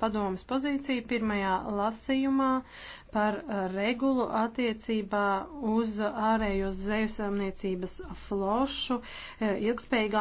padomas pozīciju pirmajā lasījumā par regulu attiecībā uz ārējo zvejasemniecības flošu eh, ilgspējīgā